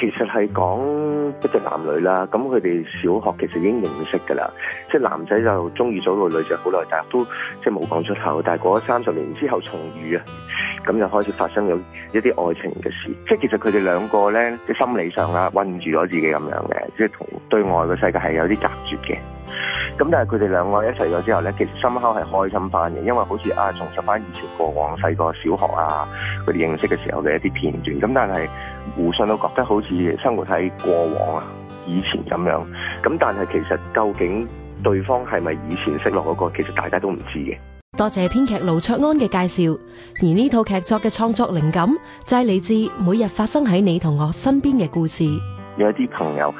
其實係講一隻男女啦，咁佢哋小學其實已經認識噶啦，即係男仔就中意咗個女仔好耐，但係都即係冇講出口。但係過咗三十年之後重遇啊，咁又開始發生咗一啲愛情嘅事，即係其實佢哋兩個呢，即心理上啊，困住咗自己咁樣嘅，即係同對外嘅世界係有啲隔絕嘅。咁但係佢哋兩個一齊咗之後呢，其實心口係開心翻嘅，因為好似啊，重拾翻以前過往細個小學啊，佢哋認識嘅時候嘅一啲片段。咁但係互相都覺得好似生活喺過往啊，以前咁樣。咁但係其實究竟對方係咪以前識落嗰個，其實大家都唔知嘅。多謝編劇盧卓安嘅介紹，而呢套劇作嘅創作靈感，就係嚟自每日發生喺你同我身邊嘅故事。有一啲朋友。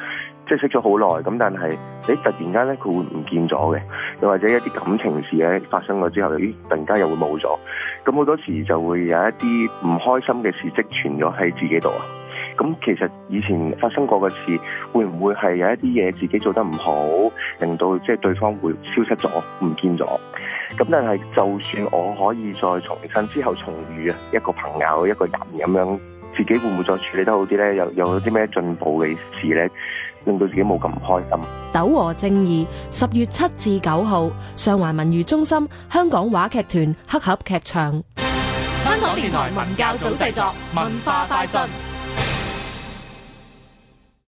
即係識咗好耐，咁但係，你突然間咧，佢會唔見咗嘅，又或者一啲感情事咧發生咗之後，誒突然間又會冇咗，咁好多時就會有一啲唔開心嘅事積存咗喺自己度啊。咁其實以前發生過嘅事，會唔會係有一啲嘢自己做得唔好，令到即係、就是、對方會消失咗、唔見咗？咁但係，就算我可以再重新之後重遇啊一個朋友、一個人咁樣，自己會唔會再處理得好啲咧？有有啲咩進步嘅事咧？令到自己冇咁唔開心。鬥和正義，十月七至九號，上環文娛中心香港話劇團黑盒劇場。香港電台文教組製作，文化快訊。